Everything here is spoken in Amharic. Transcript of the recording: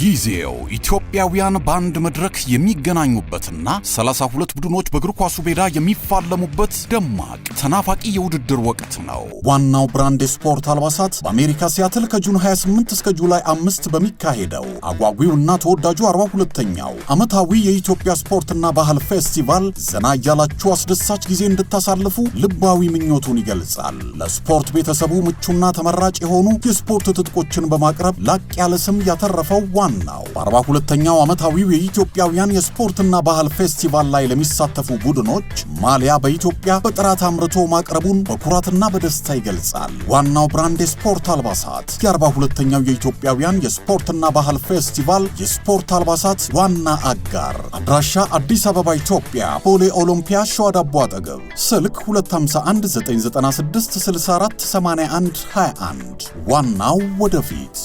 ጊዜው ኢትዮጵያውያን በአንድ መድረክ የሚገናኙበትና 32 ቡድኖች በእግር ኳሱ ሜዳ የሚፋለሙበት ደማቅ ተናፋቂ የውድድር ወቅት ነው። ዋናው ብራንድ የስፖርት አልባሳት በአሜሪካ ሲያትል ከጁን 28 እስከ ጁላይ 5 በሚካሄደው አጓጊውና ተወዳጁ 42ኛው ዓመታዊ የኢትዮጵያ ስፖርትና ባህል ፌስቲቫል ዘና እያላችሁ አስደሳች ጊዜ እንድታሳልፉ ልባዊ ምኞቱን ይገልጻል። ለስፖርት ቤተሰቡ ምቹና ተመራጭ የሆኑ የስፖርት ትጥቆችን በማቅረብ ላቅ ያለ ስም ያተረፈው ዋናው በ ሁለተኛው ዓመታዊው የኢትዮጵያውያን የስፖርትና ባህል ፌስቲቫል ላይ ለሚሳተፉ ቡድኖች ማሊያ በኢትዮጵያ በጥራት አምርቶ ማቅረቡን በኩራትና በደስታ ይገልጻል። ዋናው ብራንድ የስፖርት አልባሳት የአርባ ሁለተኛው የኢትዮጵያውያን የስፖርትና ባህል ፌስቲቫል የስፖርት አልባሳት ዋና አጋር አድራሻ አዲስ አበባ ኢትዮጵያ ቦሌ ኦሎምፒያ ሸዋ ዳቦ አጠገብ ስልክ 2519966481 21 ዋናው ወደፊት